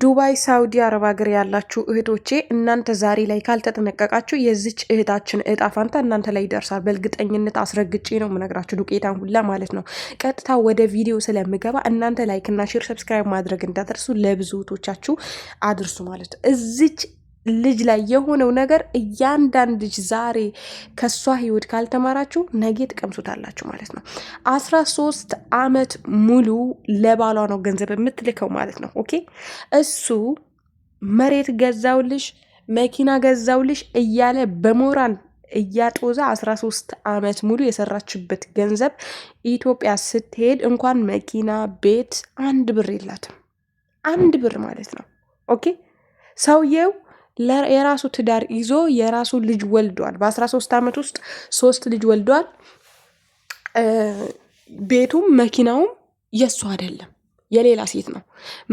ዱባይ ሳውዲ አረብ ሀገር ያላችሁ እህቶቼ እናንተ ዛሬ ላይ ካልተጠነቀቃችሁ የዚች እህታችን እጣ ፋንታ እናንተ ላይ ይደርሳል። በእርግጠኝነት አስረግጬ ነው የምነግራችሁ፣ ዱቄታን ሁላ ማለት ነው። ቀጥታ ወደ ቪዲዮ ስለምገባ እናንተ ላይክና ሼር፣ ሰብስክራይብ ማድረግ እንዳደርሱ ለብዙ እህቶቻችሁ አድርሱ ማለት ነው። እዚች ልጅ ላይ የሆነው ነገር እያንዳንድ ልጅ ዛሬ ከእሷ ህይወት ካልተማራችሁ ነገ ትቀምሱታላችሁ ማለት ነው። አስራ ሶስት አመት ሙሉ ለባሏ ነው ገንዘብ የምትልከው ማለት ነው። ኦኬ እሱ መሬት ገዛውልሽ፣ መኪና ገዛውልሽ እያለ በሞራል እያጦዛ አስራ ሶስት አመት ሙሉ የሰራችበት ገንዘብ ኢትዮጵያ ስትሄድ እንኳን መኪና፣ ቤት አንድ ብር የላትም። አንድ ብር ማለት ነው። ኦኬ ሰውየው። የራሱ ትዳር ይዞ የራሱ ልጅ ወልዷል። በ13 ዓመት ውስጥ ሶስት ልጅ ወልዷል። ቤቱም መኪናውም የእሱ አይደለም፣ የሌላ ሴት ነው።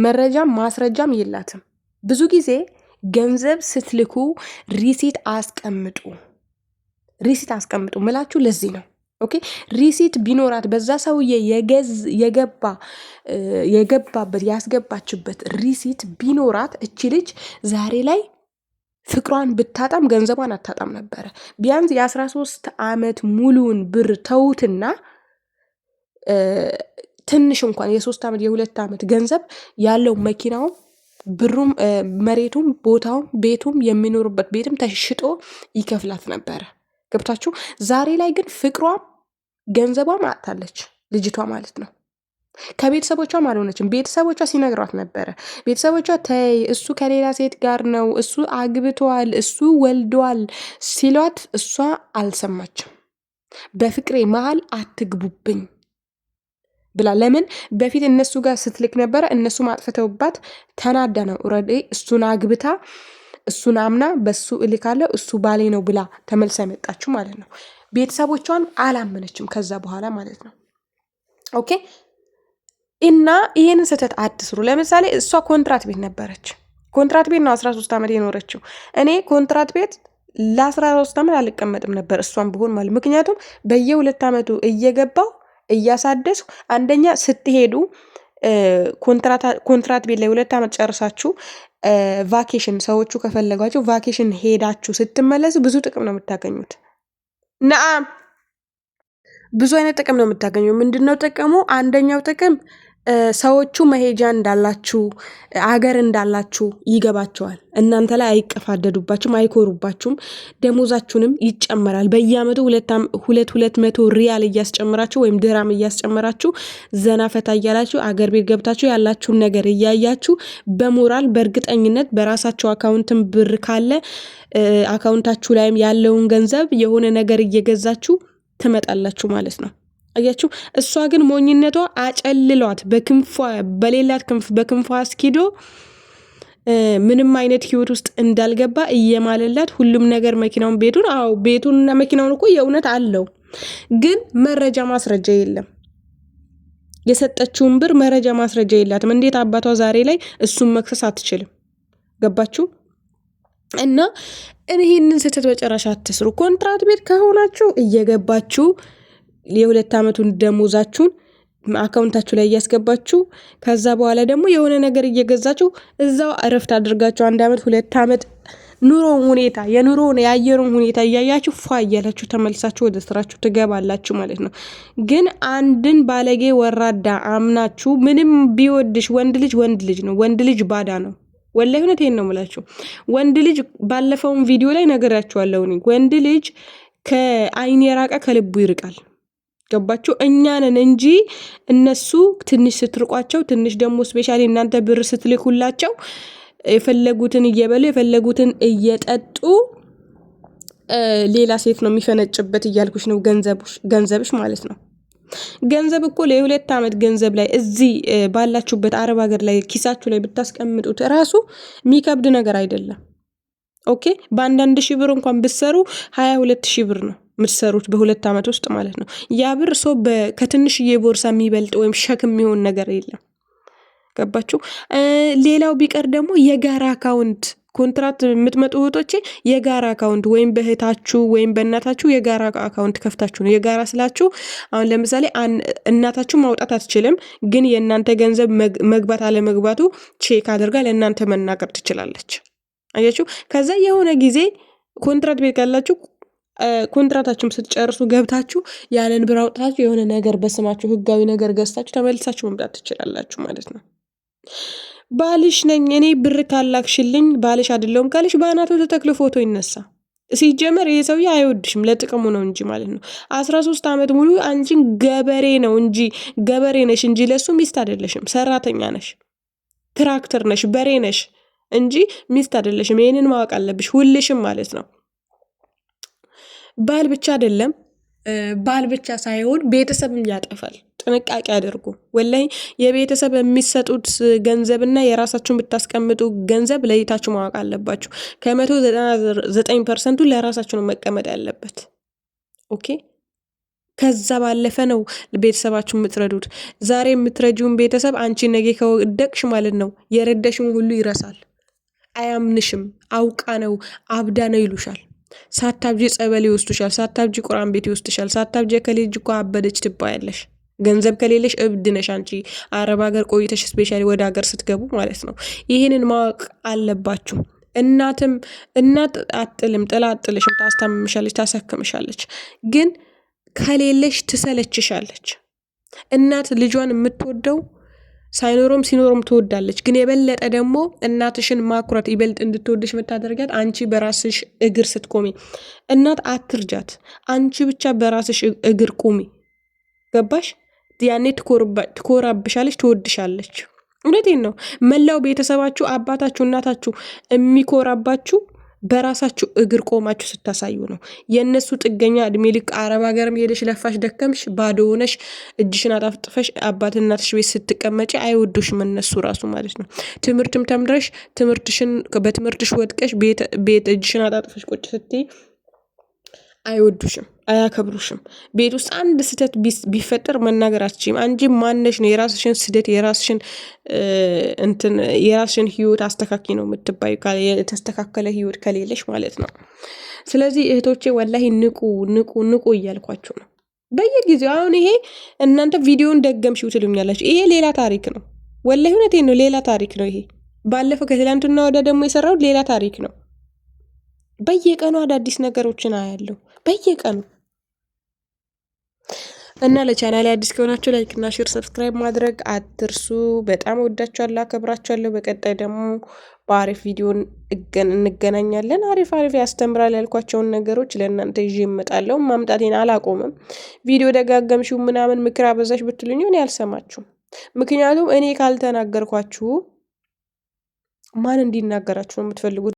መረጃም ማስረጃም የላትም። ብዙ ጊዜ ገንዘብ ስትልኩ ሪሲት አስቀምጡ፣ ሪሲት አስቀምጡ ምላችሁ ለዚህ ነው። ኦኬ ሪሲት ቢኖራት በዛ ሰውዬ የገባ የገባበት ያስገባችበት ሪሲት ቢኖራት እቺ ልጅ ዛሬ ላይ ፍቅሯን ብታጣም ገንዘቧን አታጣም ነበረ። ቢያንስ የአስራ ሶስት አመት ሙሉውን ብር ተውትና ትንሽ እንኳን የሶስት አመት የሁለት ዓመት ገንዘብ ያለው መኪናውም ብሩም መሬቱም ቦታውም ቤቱም የሚኖሩበት ቤትም ተሽጦ ይከፍላት ነበረ። ገብታችሁ ዛሬ ላይ ግን ፍቅሯም ገንዘቧም አጥታለች ልጅቷ ማለት ነው። ከቤተሰቦቿም አልሆነችም። ቤተሰቦቿ ሲነግሯት ነበረ። ቤተሰቦቿ ተይ እሱ ከሌላ ሴት ጋር ነው፣ እሱ አግብተዋል፣ እሱ ወልደዋል ሲሏት እሷ አልሰማችም። በፍቅሬ መሀል አትግቡብኝ ብላ ለምን በፊት እነሱ ጋር ስትልክ ነበረ። እነሱ ማጥፈተውባት ተናዳ ነው ረዴ እሱን አግብታ እሱን አምና በሱ እልካለሁ እሱ ባሌ ነው ብላ ተመልሳ የመጣችው ማለት ነው። ቤተሰቦቿን አላመነችም ከዛ በኋላ ማለት ነው። ኦኬ እና ይህን ስህተት አትስሩ። ለምሳሌ እሷ ኮንትራት ቤት ነበረች። ኮንትራት ቤት ነው 13 ዓመት የኖረችው። እኔ ኮንትራት ቤት ለ13 ዓመት አልቀመጥም ነበር እሷን ብሆን ማለት ምክንያቱም በየሁለት ዓመቱ እየገባው እያሳደስ አንደኛ ስትሄዱ ኮንትራት ቤት ላይ ሁለት ዓመት ጨርሳችሁ ቫኬሽን ሰዎቹ ከፈለጓቸው ቫኬሽን ሄዳችሁ ስትመለሱ ብዙ ጥቅም ነው የምታገኙት። ነአም ብዙ አይነት ጥቅም ነው የምታገኙ ምንድን ነው ጥቅሙ? አንደኛው ጥቅም ሰዎቹ መሄጃ እንዳላችሁ አገር እንዳላችሁ ይገባቸዋል። እናንተ ላይ አይቀፋደዱባችሁም፣ አይኮሩባችሁም። ደሞዛችሁንም ይጨመራል። በየአመቱ ሁለት ሁለት መቶ ሪያል እያስጨምራችሁ ወይም ድራም እያስጨምራችሁ ዘና ፈታ እያላችሁ አገር ቤት ገብታችሁ ያላችሁን ነገር እያያችሁ በሞራል በእርግጠኝነት በራሳቸው አካውንትን ብር ካለ አካውንታችሁ ላይም ያለውን ገንዘብ የሆነ ነገር እየገዛችሁ ትመጣላችሁ ማለት ነው። አያችሁ፣ እሷ ግን ሞኝነቷ አጨልሏት በክንፏ በሌላት ክንፍ በክንፏ አስኪዶ ምንም አይነት ህይወት ውስጥ እንዳልገባ እየማለላት ሁሉም ነገር መኪናውን፣ ቤቱን አዎ ቤቱንና መኪናውን እኮ የእውነት አለው፣ ግን መረጃ ማስረጃ የለም። የሰጠችውን ብር መረጃ ማስረጃ የላትም። እንዴት አባቷ ዛሬ ላይ እሱን መክሰስ አትችልም? ገባችሁ? እና ይህንን ስህተት በጨረሻ አትስሩ። ኮንትራት ቤት ከሆናችሁ እየገባችሁ የሁለት ዓመቱን ደሞዛችሁን አካውንታችሁ ላይ እያስገባችሁ ከዛ በኋላ ደግሞ የሆነ ነገር እየገዛችሁ እዛው እረፍት አድርጋችሁ አንድ ዓመት ሁለት ዓመት ኑሮውን ሁኔታ የኑሮውን የአየሩን ሁኔታ እያያችሁ ፏ እያላችሁ ተመልሳችሁ ወደ ስራችሁ ትገባላችሁ ማለት ነው። ግን አንድን ባለጌ ወራዳ አምናችሁ ምንም ቢወድሽ ወንድ ልጅ ወንድ ልጅ ነው። ወንድ ልጅ ባዳ ነው። ወላሂ እውነቴን ነው የምላችሁ። ወንድ ልጅ ባለፈውን ቪዲዮ ላይ ነገራችኋለሁ። ወንድ ልጅ ከአይን የራቀ ከልቡ ይርቃል። ገባችሁ? እኛንን እንጂ እነሱ ትንሽ ስትርቋቸው፣ ትንሽ ደግሞ ስፔሻሊ እናንተ ብር ስትልኩላቸው የፈለጉትን እየበሉ የፈለጉትን እየጠጡ ሌላ ሴት ነው የሚፈነጭበት እያልኩሽ ነው። ገንዘብሽ ማለት ነው። ገንዘብ እኮ ለሁለት ዓመት ገንዘብ ላይ እዚህ ባላችሁበት አረብ ሀገር ላይ ኪሳችሁ ላይ ብታስቀምጡት ራሱ የሚከብድ ነገር አይደለም። ኦኬ በአንዳንድ ሺህ ብር እንኳን ብትሰሩ ሀያ ሁለት ሺህ ብር ነው። የምትሰሩት በሁለት ዓመት ውስጥ ማለት ነው። ያ ብር ሰው ከትንሽዬ ቦርሳ የሚበልጥ ወይም ሸክም የሚሆን ነገር የለም። ገባችሁ? ሌላው ቢቀር ደግሞ የጋራ አካውንት ኮንትራት የምትመጡ እህቶቼ የጋራ አካውንት ወይም በእህታችሁ ወይም በእናታችሁ የጋራ አካውንት ከፍታችሁ ነው። የጋራ ስላችሁ አሁን ለምሳሌ እናታችሁ ማውጣት አትችልም፣ ግን የእናንተ ገንዘብ መግባት አለመግባቱ ቼክ አድርጋ ለእናንተ መናገር ትችላለች። አያችሁ። ከዛ የሆነ ጊዜ ኮንትራት ቤት ካላችሁ ኮንትራታችሁም ስትጨርሱ ገብታችሁ ያንን ብር አውጥታችሁ የሆነ ነገር በስማችሁ ህጋዊ ነገር ገዝታችሁ ተመልሳችሁ መምጣት ትችላላችሁ ማለት ነው። ባልሽ ነኝ እኔ ብር ካላክሽልኝ ባልሽ አይደለሁም ካልሽ በአናቱ ተተክሎ ፎቶ ይነሳ። ሲጀመር ይሄ ሰውዬ አይወድሽም ለጥቅሙ ነው እንጂ ማለት ነው። አስራ ሶስት ዓመት ሙሉ አንቺን ገበሬ ነው እንጂ ገበሬ ነሽ እንጂ ለሱ ሚስት አይደለሽም። ሰራተኛ ነሽ፣ ትራክተር ነሽ፣ በሬ ነሽ እንጂ ሚስት አይደለሽም። ይህንን ማወቅ አለብሽ ሁልሽም ማለት ነው። ባል ብቻ አይደለም ባል ብቻ ሳይሆን ቤተሰብም ያጠፋል። ጥንቃቄ አድርጉ። ወላይ የቤተሰብ የሚሰጡት ገንዘብና የራሳችሁን ብታስቀምጡ ገንዘብ ለይታችሁ ማወቅ አለባችሁ። ከመቶ ዘጠና ዘጠኝ ፐርሰንቱ ለራሳችሁ ነው መቀመጥ ያለበት። ኦኬ። ከዛ ባለፈ ነው ቤተሰባችሁ የምትረዱት። ዛሬ የምትረጂውን ቤተሰብ አንቺ ነገ ከወደቅሽ ማለት ነው የረዳሽም ሁሉ ይረሳል። አያምንሽም። አውቃ ነው አብዳ ነው ይሉሻል። ሳታብጂ ጸበል ይወስዱሻል፣ ሳታብጂ ቁርአን ቤት ይወስዱሻል፣ ሳታብጂ ከልጅ እኮ አበደች ትባያለሽ። ገንዘብ ከሌለሽ እብድ ነሽ አንቺ። አረብ ሀገር ቆይተሽ ስፔሻሊ ወደ ሀገር ስትገቡ ማለት ነው። ይህንን ማወቅ አለባችሁ። እናትም እናት አጥልም ጥላ አጥልሽም፣ ታስታምምሻለች፣ ታሳክምሻለች። ግን ከሌለሽ ትሰለችሻለች። እናት ልጇን የምትወደው ሳይኖሮም ሲኖሮም ትወዳለች። ግን የበለጠ ደግሞ እናትሽን ማኩራት ይበልጥ እንድትወድሽ የምታደርጋት አንቺ በራስሽ እግር ስትቆሚ። እናት አትርጃት፣ አንቺ ብቻ በራስሽ እግር ቁሚ። ገባሽ? ያኔ ትኮራብሻለች፣ ትወድሻለች። እውነቴን ነው። መላው ቤተሰባችሁ፣ አባታችሁ፣ እናታችሁ የሚኮራባችሁ በራሳችሁ እግር ቆማችሁ ስታሳዩ ነው። የእነሱ ጥገኛ እድሜ ልክ አረብ ሀገርም ሄደሽ ለፋሽ ደከምሽ ባዶ ሆነሽ እጅሽን አጣፍጥፈሽ አባት እናትሽ ቤት ስትቀመጪ አይወዱሽም እነሱ ራሱ ማለት ነው። ትምህርትም ተምረሽ ትምህርትሽን በትምህርትሽ ወድቀሽ ቤት እጅሽን አጣጥፈሽ ቁጭ ስትይ አይወዱሽም፣ አያከብሩሽም። ቤት ውስጥ አንድ ስህተት ቢፈጠር መናገር አትችም። አንጂ ማነሽ ነው የራስሽን ስህተት የራስሽን እንትን የራስሽን ህይወት አስተካኪ ነው የምትባዩ፣ የተስተካከለ ህይወት ከሌለሽ ማለት ነው። ስለዚህ እህቶቼ ወላሂ ንቁ ንቁ ንቁ እያልኳችሁ ነው በየጊዜው። አሁን ይሄ እናንተ ቪዲዮን ደገምሽው ትሉኛላችሁ። ይሄ ሌላ ታሪክ ነው። ወላሂ እውነቴ ነው፣ ሌላ ታሪክ ነው። ይሄ ባለፈው ከትላንትና ወደ ደግሞ የሰራው ሌላ ታሪክ ነው። በየቀኑ አዳዲስ ነገሮችን አያለሁ። በየቀኑ እና ለቻናሌ አዲስ ከሆናችሁ ላይክ እና ሼር ሰብስክራይብ ማድረግ አትርሱ። በጣም ወዳችኋለሁ፣ አከብራችኋለሁ። በቀጣይ ደግሞ በአሪፍ ቪዲዮ እንገናኛለን። አሪፍ አሪፍ ያስተምራል ያልኳቸውን ነገሮች ለእናንተ ይዤ እመጣለሁ። ማምጣቴን አላቆምም። ቪዲዮ ደጋገምሽው ምናምን ምክር አበዛሽ ብትሉኝ እኔ አልሰማችሁም። ምክንያቱም እኔ ካልተናገርኳችሁ ማን እንዲናገራችሁ ነው የምትፈልጉት?